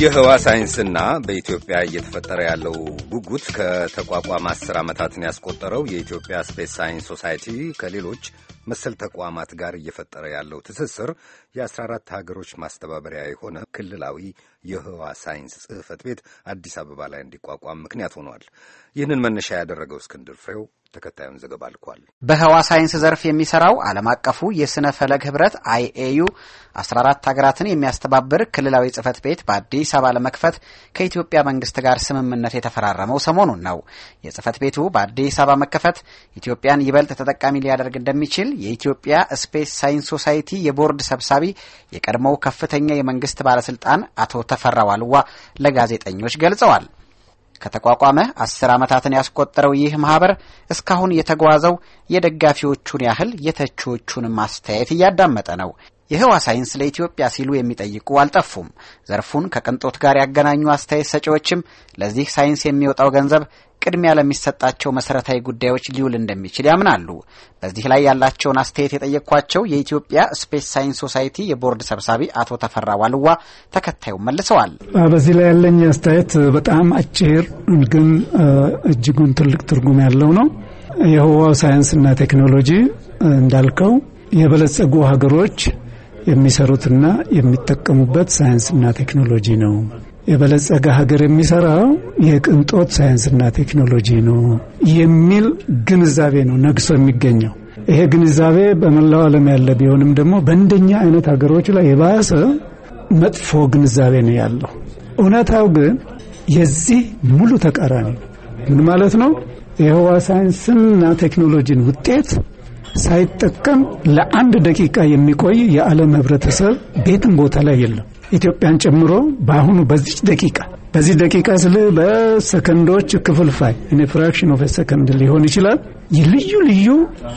የህዋ ሳይንስና በኢትዮጵያ እየተፈጠረ ያለው ጉጉት ከተቋቋመ አስር ዓመታትን ያስቆጠረው የኢትዮጵያ ስፔስ ሳይንስ ሶሳይቲ ከሌሎች መሰል ተቋማት ጋር እየፈጠረ ያለው ትስስር የ14 ሀገሮች ማስተባበሪያ የሆነ ክልላዊ የህዋ ሳይንስ ጽህፈት ቤት አዲስ አበባ ላይ እንዲቋቋም ምክንያት ሆኗል። ይህንን መነሻ ያደረገው እስክንድር ፍሬው ተከታዩን ዘገባ ልኳል። በህዋ ሳይንስ ዘርፍ የሚሰራው ዓለም አቀፉ የስነ ፈለግ ህብረት አይኤዩ 14 ሀገራትን የሚያስተባብር ክልላዊ ጽህፈት ቤት በአዲስ አበባ ለመክፈት ከኢትዮጵያ መንግስት ጋር ስምምነት የተፈራረመው ሰሞኑን ነው። የጽህፈት ቤቱ በአዲስ አበባ መከፈት ኢትዮጵያን ይበልጥ ተጠቃሚ ሊያደርግ እንደሚችል ሲል የኢትዮጵያ ስፔስ ሳይንስ ሶሳይቲ የቦርድ ሰብሳቢ የቀድሞው ከፍተኛ የመንግስት ባለስልጣን አቶ ተፈራ ዋልዋ ለጋዜጠኞች ገልጸዋል። ከተቋቋመ አስር ዓመታትን ያስቆጠረው ይህ ማህበር እስካሁን የተጓዘው የደጋፊዎቹን ያህል የተቺዎቹን አስተያየት እያዳመጠ ነው። የህዋ ሳይንስ ለኢትዮጵያ ሲሉ የሚጠይቁ አልጠፉም። ዘርፉን ከቅንጦት ጋር ያገናኙ አስተያየት ሰጪዎችም ለዚህ ሳይንስ የሚወጣው ገንዘብ ቅድሚያ ለሚሰጣቸው መሰረታዊ ጉዳዮች ሊውል እንደሚችል ያምናሉ። በዚህ ላይ ያላቸውን አስተያየት የጠየቅኳቸው የኢትዮጵያ ስፔስ ሳይንስ ሶሳይቲ የቦርድ ሰብሳቢ አቶ ተፈራ ዋልዋ ተከታዩን መልሰዋል። በዚህ ላይ ያለኝ አስተያየት በጣም አጭር ግን እጅጉን ትልቅ ትርጉም ያለው ነው። የህዋው ሳይንስና ቴክኖሎጂ እንዳልከው የበለጸጉ ሀገሮች የሚሰሩትና የሚጠቀሙበት ሳይንስና ቴክኖሎጂ ነው። የበለጸገ ሀገር የሚሰራው የቅንጦት ሳይንስና ቴክኖሎጂ ነው የሚል ግንዛቤ ነው ነግሶ የሚገኘው። ይሄ ግንዛቤ በመላው ዓለም ያለ ቢሆንም ደግሞ በእንደኛ አይነት ሀገሮች ላይ የባሰ መጥፎ ግንዛቤ ነው ያለው። እውነታው ግን የዚህ ሙሉ ተቃራኒ ምን ማለት ነው? የህዋ ሳይንስና ቴክኖሎጂን ውጤት ሳይጠቀም ለአንድ ደቂቃ የሚቆይ የዓለም ህብረተሰብ ቤትም ቦታ ላይ የለም። ኢትዮጵያን ጨምሮ በአሁኑ በዚች ደቂቃ በዚህ ደቂቃ ስለ በሰከንዶች ክፍልፋይ እኔ ፍራክሽን ኦፍ ሰከንድ ሊሆን ይችላል። ልዩ ልዩ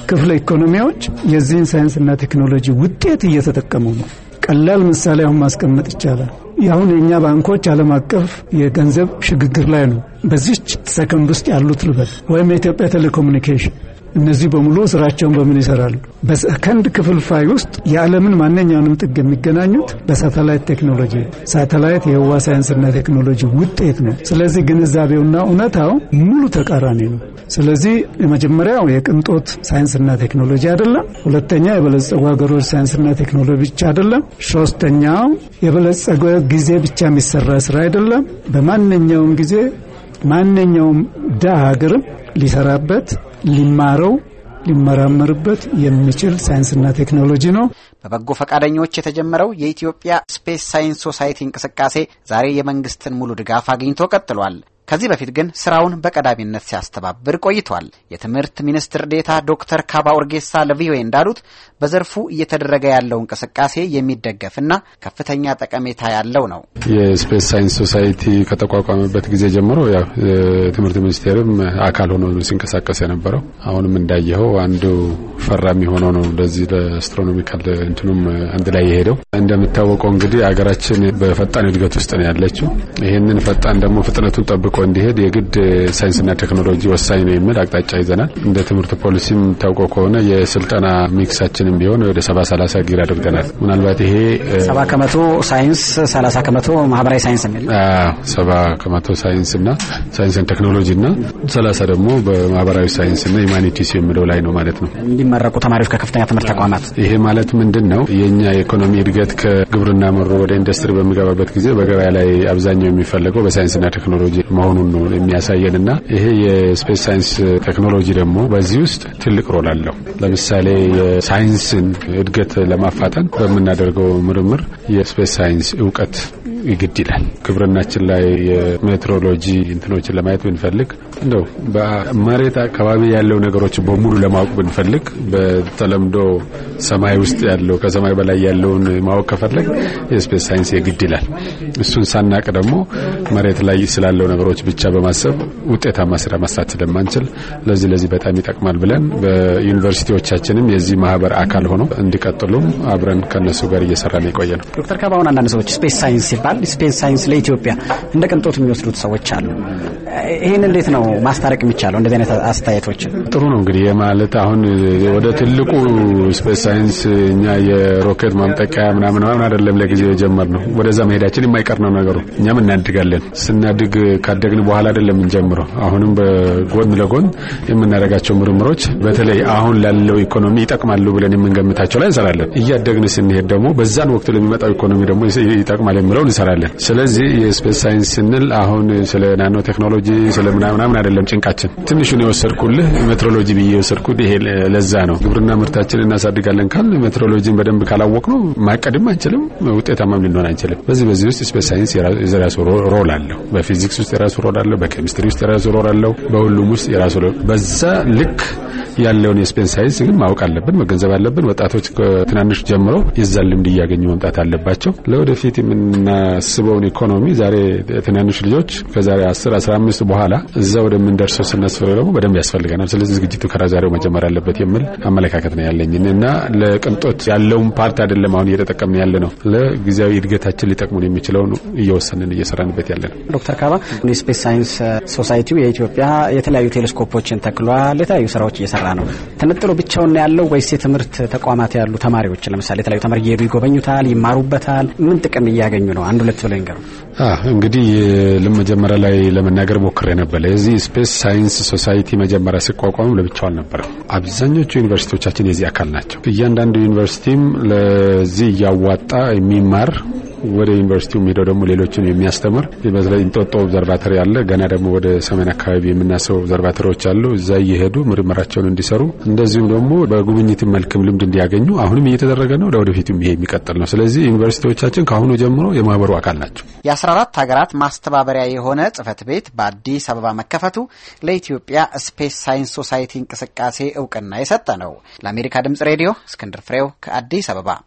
ክፍለ ኢኮኖሚዎች የዚህን ሳይንስና ቴክኖሎጂ ውጤት እየተጠቀሙ ነው። ቀላል ምሳሌ አሁን ማስቀመጥ ይቻላል። አሁን የእኛ ባንኮች ዓለም አቀፍ የገንዘብ ሽግግር ላይ ነው። በዚች ሰከንድ ውስጥ ያሉት ልበል ወይም የኢትዮጵያ ቴሌኮሙኒኬሽን እነዚህ በሙሉ ስራቸውን በምን ይሰራሉ? በሰከንድ ክፍልፋይ ውስጥ የዓለምን ማንኛውንም ጥግ የሚገናኙት በሳተላይት ቴክኖሎጂ። ሳተላይት የህዋ ሳይንስና ቴክኖሎጂ ውጤት ነው። ስለዚህ ግንዛቤውና እውነታው ሙሉ ተቃራኒ ነው። ስለዚህ የመጀመሪያው የቅንጦት ሳይንስና ቴክኖሎጂ አይደለም። ሁለተኛ የበለጸጉ ሀገሮች ሳይንስና ቴክኖሎጂ ብቻ አይደለም። ሶስተኛው የበለጸገ ጊዜ ብቻ የሚሰራ ስራ አይደለም። በማንኛውም ጊዜ ማንኛውም ድሃ ሀገርም ሊሰራበት ሊማረው ሊመራመርበት የሚችል ሳይንስና ቴክኖሎጂ ነው። በበጎ ፈቃደኞች የተጀመረው የኢትዮጵያ ስፔስ ሳይንስ ሶሳይቲ እንቅስቃሴ ዛሬ የመንግስትን ሙሉ ድጋፍ አግኝቶ ቀጥሏል። ከዚህ በፊት ግን ስራውን በቀዳሚነት ሲያስተባብር ቆይቷል። የትምህርት ሚኒስትር ዴታ ዶክተር ካባ ኡርጌሳ ለቪኦኤ እንዳሉት በዘርፉ እየተደረገ ያለው እንቅስቃሴ የሚደገፍና ከፍተኛ ጠቀሜታ ያለው ነው። የስፔስ ሳይንስ ሶሳይቲ ከተቋቋመበት ጊዜ ጀምሮ ያው ትምህርት ሚኒስቴርም አካል ሆኖ ሲንቀሳቀስ የነበረው አሁንም እንዳየኸው አንዱ ፈራሚ ሆኖ ነው ለዚህ ለአስትሮኖሚካል እንትኑም አንድ ላይ የሄደው። እንደሚታወቀው እንግዲህ አገራችን በፈጣን እድገት ውስጥ ነው ያለችው። ይህንን ፈጣን ደግሞ ፍጥነቱን ጠብቆ እንዲሄድ የግድ ሳይንስና ቴክኖሎጂ ወሳኝ ነው የሚል አቅጣጫ ይዘናል። እንደ ትምህርት ፖሊሲም ታውቀው ከሆነ የስልጠና ሚክሳችንም ቢሆን ወደ ሰባ ሰላሳ ጊር አድርገናል። ምናልባት ይሄ ሰባ ከመቶ ሳይንስ ሰላሳ ከመቶ ማህበራዊ ሳይንስ የሚል ሰባ ከመቶ ሳይንስና ቴክኖሎጂ ቴክኖሎጂና ሰላሳ ደግሞ በማህበራዊ ሳይንስና ሂማኒቲስ የሚለው ላይ ነው ማለት ነው እንዲመረቁ ተማሪዎች ከከፍተኛ ትምህርት ተቋማት። ይሄ ማለት ምንድን ነው? የእኛ የኢኮኖሚ እድገት ከግብርና መሮ ወደ ኢንዱስትሪ በሚገባበት ጊዜ በገበያ ላይ አብዛኛው የሚፈለገው በሳይንስና ቴክኖሎጂ መሆኑን ነው የሚያሳየን ይሄ የስፔስ ሳይንስ ቴክኖሎጂ ደግሞ በዚህ ውስጥ ትልቅ ሮል አለው። ለምሳሌ የሳይንስን እድገት ለማፋጠን በምናደርገው ምርምር የስፔስ ሳይንስ እውቀት ይግድ ይላል። ግብርናችን ላይ የሜትሮሎጂ እንትኖችን ለማየት ብንፈልግ እንደው በመሬት አካባቢ ያለው ነገሮች በሙሉ ለማወቅ ብንፈልግ በተለምዶ ሰማይ ውስጥ ያለው ከሰማይ በላይ ያለውን ማወቅ ከፈለግ የስፔስ ሳይንስ የግድ ይላል። እሱን ሳናቅ ደግሞ መሬት ላይ ስላለው ነገሮች ብቻ በማሰብ ውጤታማ ስራ መስራት ስለማንችል ለዚህ ለዚህ በጣም ይጠቅማል ብለን በዩኒቨርሲቲዎቻችንም የዚህ ማህበር አካል ሆኖ እንዲቀጥሉም አብረን ከነሱ ጋር ነው የቆየ ነው። ዶክተር ከባሁን አንዳንድ ሰዎች ስፔስ ሳይንስ ሲባል ይባላል። ስፔስ ሳይንስ ለኢትዮጵያ እንደ ቅንጦት የሚወስዱት ሰዎች አሉ። ይህን እንዴት ነው ማስታረቅ የሚቻለው? እንደዚህ አይነት አስተያየቶችን ጥሩ ነው እንግዲህ ማለት አሁን ወደ ትልቁ ስፔስ ሳይንስ እኛ የሮኬት ማምጠቂያ ምናምን ምናምን አይደለም የጀመር ነው። ወደዛ መሄዳችን የማይቀር ነው ነገሩ። እኛም እናድጋለን። ስናድግ ካደግን በኋላ አይደለም የምንጀምረው። አሁንም በጎን ለጎን የምናደርጋቸው ምርምሮች በተለይ አሁን ላለው ኢኮኖሚ ይጠቅማሉ ብለን የምንገምታቸው ላይ እንሰራለን። እያደግን ስንሄድ ደግሞ በዛን ወቅት ለሚመጣው ኢኮኖሚ ደግሞ ይጠቅማል የሚለውን እንሰራለን። ስለዚህ የስፔስ ሳይንስ ስንል አሁን ስለ ናኖ ቴክኖሎጂ ስለ ምናምናምን አይደለም ጭንቃችን። ትንሹን የወሰድኩልህ ሜትሮሎጂ ብዬ የወሰድኩት ይሄ ለዛ ነው። ግብርና ምርታችን እናሳድጋለን ካል ሜትሮሎጂን በደንብ ካላወቅ ነው ማቀድም አንችልም፣ ውጤታማም ልንሆን አንችልም። በዚህ በዚህ ውስጥ ስፔስ ሳይንስ የራሱ ሮል አለው። በፊዚክስ ውስጥ የራሱ ሮል አለው። በኬሚስትሪ ውስጥ የራሱ ሮል አለው። በሁሉም ውስጥ የራሱ በዛ ልክ ያለውን የስፔን ሳይንስ ግን ማወቅ አለብን፣ መገንዘብ አለብን። ወጣቶች ከትናንሽ ጀምሮ የዛን ልምድ እያገኙ መምጣት አለባቸው። ለወደፊት የምናስበውን ኢኮኖሚ ዛሬ ትናንሽ ልጆች ከዛሬ 10 15 በኋላ እዛ ወደምንደርሰው ስናስበው ደግሞ በደንብ ያስፈልገናል። ስለዚህ ዝግጅቱ ከዛሬው መጀመር አለበት የሚል አመለካከት ነው ያለኝ እና ለቅንጦት ያለውን ፓርት አይደለም አሁን እየተጠቀምን ያለ ነው። ለጊዜያዊ እድገታችን ሊጠቅሙን የሚችለውን እየወሰንን እየሰራንበት ያለ ነው። ዶክተር ካባ ስፔስ ሳይንስ ሶሳይቲው የኢትዮጵያ የተለያዩ ቴሌስኮፖችን ተክሏል። የተለያዩ ስራዎች እየሰራ እየተሰራ ነው። ትንጥሉ ብቻውን ያለው ወይስ የትምህርት ተቋማት ያሉ ተማሪዎች ለምሳሌ የተለያዩ ተማሪ እየሄዱ ይጎበኙታል፣ ይማሩበታል? ምን ጥቅም እያገኙ ነው? አንድ ሁለት ብለው ይንገሩ። እንግዲህ መጀመሪያ ላይ ለመናገር ሞክሬ ነበረ የዚህ ስፔስ ሳይንስ ሶሳይቲ መጀመሪያ ሲቋቋም ለብቻው አልነበረም። አብዛኞቹ ዩኒቨርሲቲዎቻችን የዚህ አካል ናቸው። እያንዳንዱ ዩኒቨርሲቲም ለዚህ እያዋጣ የሚማር ወደ ዩኒቨርሲቲው ሄደው ደግሞ ሌሎችን የሚያስተምር በተለይ እንጦጦ ኦብዘርቫተሪ አለ። ገና ደግሞ ወደ ሰሜን አካባቢ የምናስበው ኦብዘርቫተሪዎች አሉ። እዛ እየሄዱ ምርመራቸውን እንዲሰሩ እንደዚሁም ደግሞ በጉብኝት መልክም ልምድ እንዲያገኙ አሁንም እየተደረገ ነው። ለወደፊቱም ይሄ የሚቀጥል ነው። ስለዚህ ዩኒቨርሲቲዎቻችን ከአሁኑ ጀምሮ የማህበሩ አካል ናቸው። የ14 ሀገራት ማስተባበሪያ የሆነ ጽህፈት ቤት በአዲስ አበባ መከፈቱ ለኢትዮጵያ ስፔስ ሳይንስ ሶሳይቲ እንቅስቃሴ እውቅና የሰጠ ነው። ለአሜሪካ ድምጽ ሬዲዮ እስክንድር ፍሬው ከአዲስ አበባ